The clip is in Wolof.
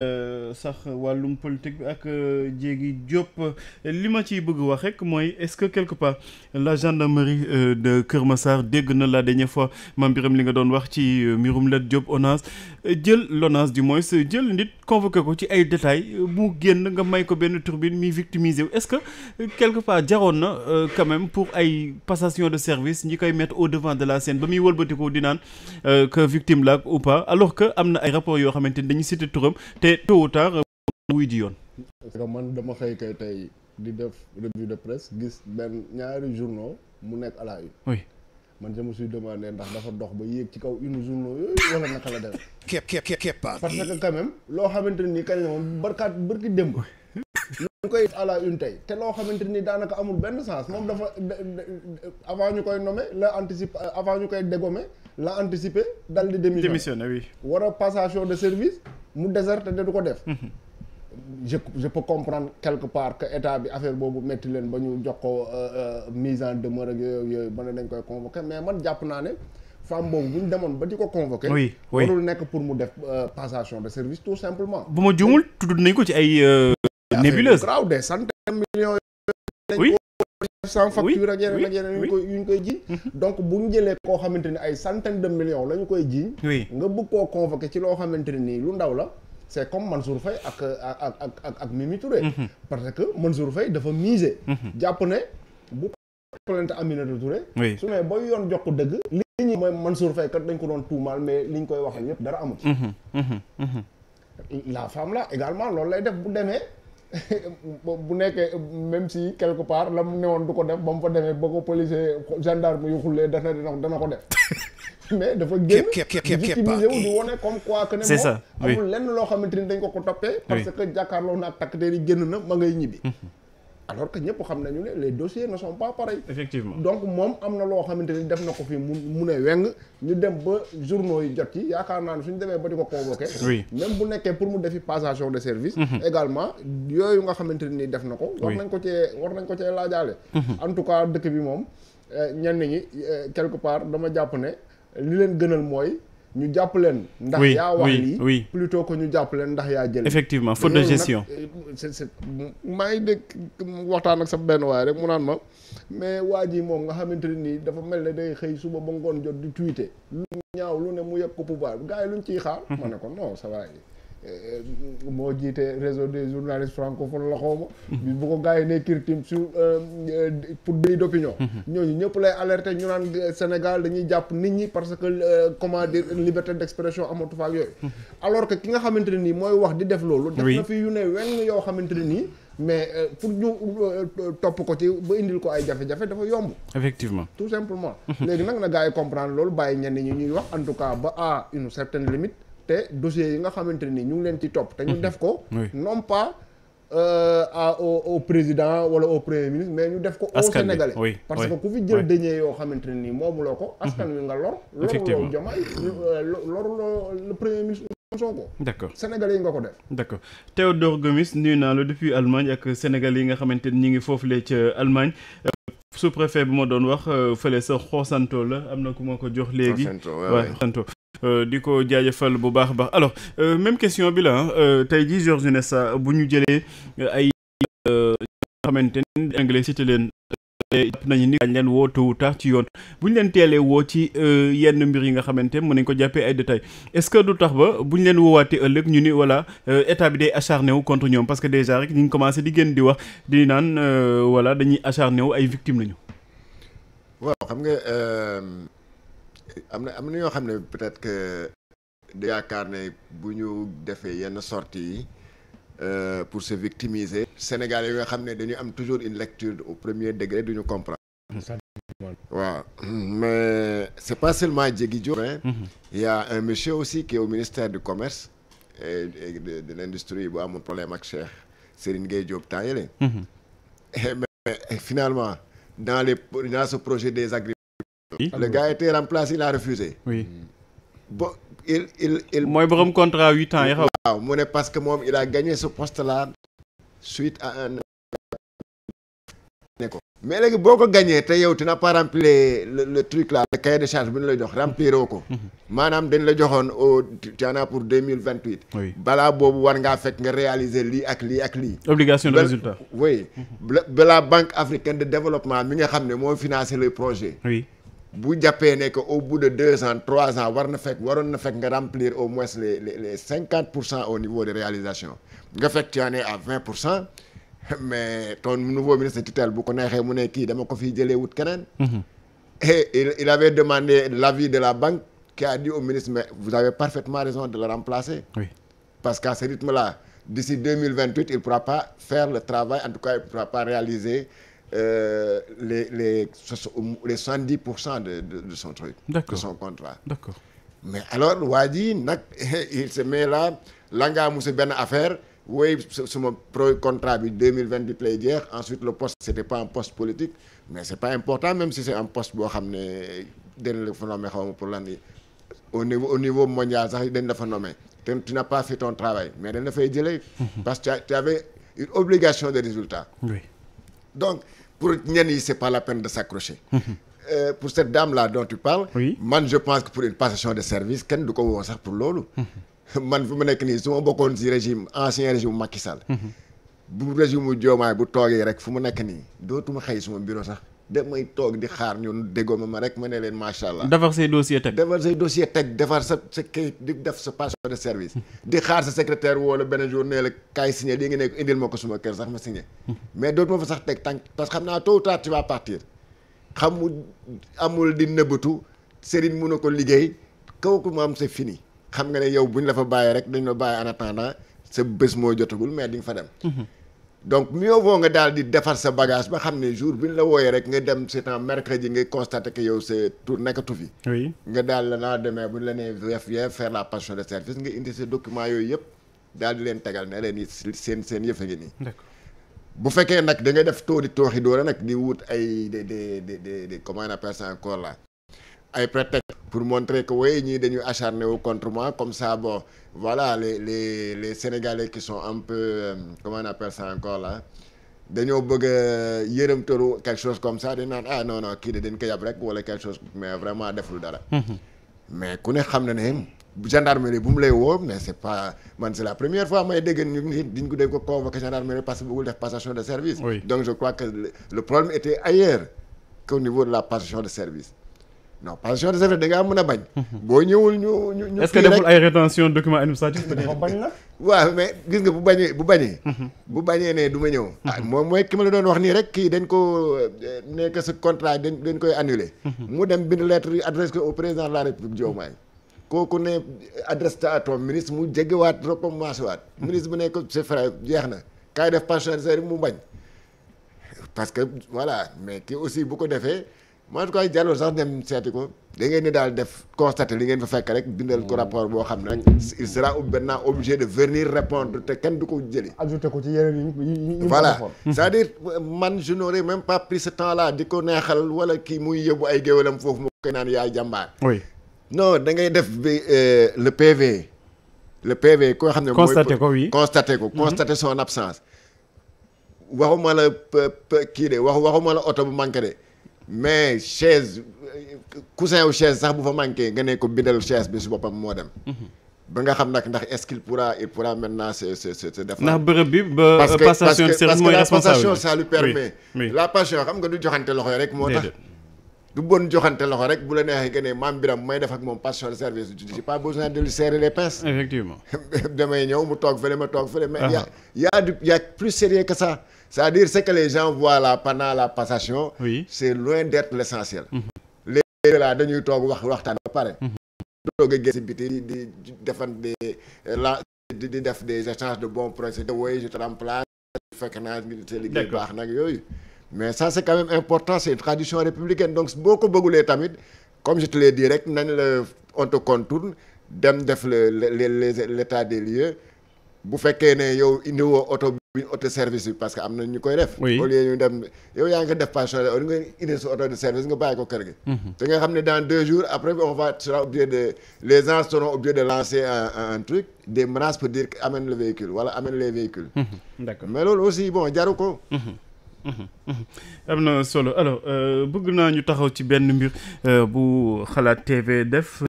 Euh, sax wàllum politique bi ak euh, Diégui Diop li ma ciy bëgg wax rek mooy est-ce que quelque part la gendarmerie euh, de Kër Massar dégg na la dernière fois maam Birame li nga doon wax ci mbirum la Diop ONAS jël l'ONAS du moins jël nit convoqué ko ci ay détails mu génn nga may ko benn turbine mi victimisé wu est-ce que quelque part jaroon na quand même pour ay passation de service ñi koy mettre au devant de la scène ba muy wëlbatiku di naan que victime la ou pas alors que am na ay rapports yoo xamante ni dañu cité turam te tôt ou tard wuy ji yoon parce que man dama xëy kay tey di def revue de presse gis benn ñaari journaux mu nekk à la une oui man je me suis ndax dafa dox ba yéeg ci kaw une journaux yooyu wala naka la def kepp kepp kepp parce que quand même loo xamante ni kañ la moom barkaat barki démb ñu koy à une tey te loo xamante ni daanaka amul benn sens moom dafa avant ñu koy nommé la anticiper avant ñu koy dégommé la anticiper dal di démissionné oui war a de service mu déserté da du ko def mhm. je je peux comprendre quelque part que état bi affaire boobu métti leen ba ñu jox ko euh, euh, mise en demeure ak yooyu ba ne dañ koy convoqué mais man jàpp naa ne femme boobu bu ñu demoon ba di ko convoqué. oui oui warul nekk pour mu def euh, passation de service tout simplement. bu ma juumul tudd nañ ko ci ay. nébuleuse grave des centaines sans facture koy yu mhm. ñu jëlee koo xamante ni ay centaine de millions la ñu koy jiiñ nga bëgg koo convoqué ci loo xamante ne nii lu ndaw la c'est comme Mansour Faye ak ak ak ak ak Mimi Touré mhm. parce que Mansour Faye mhm. jàpp ne bu plainte Aminata Touré su ne booy yoon jox ko dëgg li ñuy mooy Mansour Faye kat dañ ko doon tuumaal mais li ñu koy waxal yépp dara amu ci la femme là également loolu lay def bu demee bu nekkee même si quelque part la mu newoon du ko def ba mu fa demee ba ko policier gendarme yu xullee dana dana ko def mais dafa génn victimisé wu di wone comme quoi que ne moom lenn loo xamante ni dañ ko ko toppee parce que jàkkaarloo naa takk yi génn na ma ngay ñibbi mm-hmm. alors que ñëpp xam ñu ne les dossiers ne sont pas pareils. effectivement donc moom am na loo xamante ni def na ko fi mu mu ne weng ñu dem ba journaux yi jot ci yaakaar naa ne suñu demee ba di ko convoqué. oui même bu nekkee pour mu defi passation de service. Mhm. également yooyu nga xamante nii def na ko. war nañ ko cee war nañ ko cee laajaale. Mhm. en tout cas dëkk bi moom eh, ñenn ñi eh, quelque part dama jàpp ne li leen gënal mooy. ñu jàpp leen. ndax yaa wax lii oui plutôt que ñu jàpp leen ndax yaa jël. effectivement faute de gestion euh, maa ngi dégg waxtaan ak sa benn waay rek mu naan ma mais waa ji moom nga xamante ne nii dafa mel ne day xëy suba ba ngoon jot di tuite. lu ñaaw lu ne mu yegg ko pouvoir gars yi luñ ciy xaar. ma ne ko sa ça yi Euh, moo jiite réseau des journalistes francophones la xawma bu ko gars yi ne kirtim sur euh, euh, pour délit d'opinion ñooñu ñëpp lay alerter ñu naan Sénégal dañuy jàpp nit ñi parce que comment dire liberté d'expression amatu fa yooyu alors que ki nga xamante ne nii mooy wax di def loolu def na fi yu ne weng yoo xamante ne nii mais pour ñu topp ko ci ba indil ko ay jafe-jafe dafa yomb. effectivement tout simplement. léegi nag na gars yi comprendre loolu bàyyi ñenn ñi ñuy wax en tout cas ba à une certaine te dossiers yi nga xamante ni ñu ngi leen ci topp. te ñu mhm. def ko. non pas a euh, au au président wala au premier ministre mais ñu def ko. au sénégalais parce que ku fi jël denier yoo xamante ne nii moomuloo ko. Mhm. askan wi nga lor. effectivement loruloo Diomaye euh, loruloo le premier ministre. Sonko d'accord yi nga ko def d'accord Théodore Gomis nuyu naa la depuis Allemagne ak sénégalais yi nga xamante ni ñi ngi foofulee ca Allemagne euh, sous-préfet bi ma doon wax fële sa xoosanto la am na ku ma ko jox léegi waaw Euh, di ko jaajëfal bu baax baax alors euh, même question bi la euh, tey jii Georges Nessa bu ñu jëlee ay xamante ne anglais cité leen jàpp nañu ni dañ leen woo tôt ou ci yoon bu ñu leen teelee woo ci yenn mbir yi nga xamante mën nañ ko jàppee ay détails est-ce que du tax ba bu ñu leen woowaatee ëllëg ñu ni voilà état bi day acharné wu contre ñoom parce que déjà rek ñu ngi commencé di génn di wax di naan voilà dañuy acharné wu ay victimes lañu waaw xam nga am na am na ñoo xam ne peut-être que yaakaar ne bu ñu defee yenn sorties yi euh, pour se victimiser. Sénégal yi nga xam ne dañu am toujours une lecture au premier degré duñu comprendre. waaw mais c'est pas seulement Diégui Diop. Mm-hmm. il y a un monsieur aussi qui au ministère du commerce et de de bu amoon problème ak Cheikh Serigne Gueye Diop temps yële. Mm-hmm. finalement dans les projet des agri Oui. Le gars était remplacé, il a refusé. Oui. Bon, il, il, il... Moi, il contrat 8 ans. Wow. Moi, parce que moi, il a gagné ce poste-là suite à un... Mais si tu as gagné, tu n'as pas rempli le, le, truc là, le cahier de charge, tu l'as rempli. Madame, tu l'as tu en as pour vingt Oui. Bala boobu war nga fek nga réaliser lii ak li ak li. Obligation de résultat. Oui. Mhm. La banque africaine de développement mi nga xam ne moo financer le projet. Oui. bu jàppee ne que au bout de deux ans trois ans war na fekk waroon na fekk nga remplir au moins les le les cinquante pour cent au niveau des réalisations nga fekk tu en es à pour cent mais ton nouveau ministre tutelle bu ko neexee mu ne kii dama ko fi jëlee wut keneen. Mhm. et il il avait demandé l'avis de la banque qui a dit au ministre mais vous avez parfaitement raison de le remplacer. parce qu'à ce rythme là d'ici mille vingt huit il pourra pas faire le travail en tout cas il pourra pas réaliser. euh, les les les soixante dix pour cent de de son truc. d'accord de son contrat. mais alors waa ji nag il se met là la ngaa musu benn affaire su ma pro contrat bi deux mille vingt huit lay jeex ensuite le poste c'était pas un poste politique mais c'est pas important même si c'est un poste boo xam ne dañ la fa nommé ma pour lan au niveau au niveau mondial sax dañ la fa nommé te tu n'as pas fait ton travail mais dañ la fay jëlee. Mhm. parce que tu avais une obligation de résultat. donc pour ñen yi c'est pas la peine de s'accrocher mhm. euh, pour cette dame là dont tu parles. man je pense que pour une passation de service kenn du ko woo sax pour loolu. Mhm. man fi mu nekk nii su ma bokkoon si régime ancien régime Macky Sall. Mhm. bu régime mu Diomaye bu toogee rek fu mu nekk nii dootuma xëy suma bureau sax. damay toog di xaar ñun déggoo ma ma rek ma ne leen macha allah. defar say dossier teg defar say dossier teg defar sa sa kayit di def sa passeport de service. di xaar sa secrétaire woo la benn jour nee la kaay signé lii nga ne indil ma ko suma kër sax ma signé. mais dootuma fa sax teg tànk parce que xam naa tôt ou tard tu vas partir. xamul amul di nëbbatu Serigne mun na ko liggéey kooku am sa fini. xam nga ne yow buñ la fa bàyyi rek dañ la bàyyi en attendant sa bés mooy jotagul mais di nga fa dem. Mhm. donc mieux vaut nga dal di defar sa bagage ba xam ne jour bi ñu la wooyee rek nga dem c'est un mercredi ngay constaté que yow c'est tout nekkatu fi. oui nga daal la naa demee bu ñu la nee def yéen faire la passation de service nga indi sa document yooyu yëpp daal di leen tegal ne leen it seen seen yëf a ngi nii. bu fekkee nag da nga def tooxi tooxi doole nag di wut ay des des des des comment on appelle ça encore là. ay prétexte pour montrer que oui ñii dañuy acharné wu contre comme ça bon voilà les le les sénégalais qui sont un peu euh, comment on appelle ça encore là dañoo bëgg a yërëmtalu quelque chose comme ça dañ naan ah non non kii de dañ ko yab rek wala quelque chose mais vraiment deful dara. mais ku ne xam na ne gendarmerie bu mu lay woo mais c' pas man c' la première fois may dégg ñu ngi diñ ko dégg gendarmerie parce que def passation de service. donc je crois que le problème non pension de service da ngaa mën a bañ. boo ñëwul ñu ñu ñu. est-ce que deful ay rétention document administratif bañ na. waaw mais gis nga bu bañee bu bañee. Mhm. bu bañee ne du ma ñëw. Ah, moo mooy ki ma la doon wax nii rek kii dañ ko eh, nekk sa contrat dañ dañ koy annulé. Mhm. mu dem bind lettre yi adresse ko au président la république Diomaye. kooku ne adresse ta à ton ministre mu jéggiwaat recommencé waat. Mhm. ministre bu nekk c'est vrai jeex na kaay def pension de mu bañ. parce que voilà mais kii aussi bu ko defee. en tout cas jarul sax dem seeti ko da ngeen ni daal def constaté li ngeen fa fekk rek bindal ko mm. rapport boo xam ne rek il sera maintenant obligé de venir répondre te kenn du ko jëli ajouté ko ci yeneen yi voilà c'est-à-dire man je n'aurais même pas pris ce temps là di ko neexal wala kii muy yóbbu ay géwalam foofu moo koy naan yaay jàmbaar oui non da ngay def bi euh, le PV le PV koo xam ne constaté ko oui constaté ko mm-hmm. constaté son absence waxuma la kii de wax waxuma la oto bu manqué de mais chaise coussin wu chaise sax bu fa manqué nga ne ko bindal chaise bi su boppam moo dem. Mhm. ba nga xam nag ndax est-ce qu'il pour il pourra maintenant se se se se défendre. ndax bërëb bi ba passation de service mooy responsable parce que la passation ça lui permet. la passation xam nga du joxante loxo rek moo tax. du bon joxante loxo rek bu la neexee nga ne maam Biram may def ak moom passion de service tu pas besoin de lui serrer les damay ñëw mu toog fële ma toog fële. mais y' a ah. y' a du y' a plus sérieux que c'est-à-dire ce que les gens voient passation. c'est loin d'être l'essentiel. Mhm. léegi dañuy toog wax waxtaan ba pare. toog mhm. a gëstu biti di di defan des euh, la di def des échanges de bons procédés. oui je remplace fekk naa militaire liggéey baax nag yooyu. mais ça c'est quand même important c'est une tradition républicaine donc boo ko bëggulee tamit comme je te l'ai dit rek nañ la on te dem def le l'état des lieux bu fekkee ne yow indiwoo oto bi oto service bi parce que am na ñu koy def. oui au lieu ñu dem yow yaa ngi ko def pension au de service nga bàyyi ko kër gi. Mhm. te nga xam ne dans deux jours après on va sera obligé de les gens seront de lancer un un truc des menaces pour dire que le véhicule Mm-hmm. Mm-hmm. Mm-hmm. am na solo alors euh, bëgg naa ñu taxaw ci benn mbir euh, bu xalaat TV def.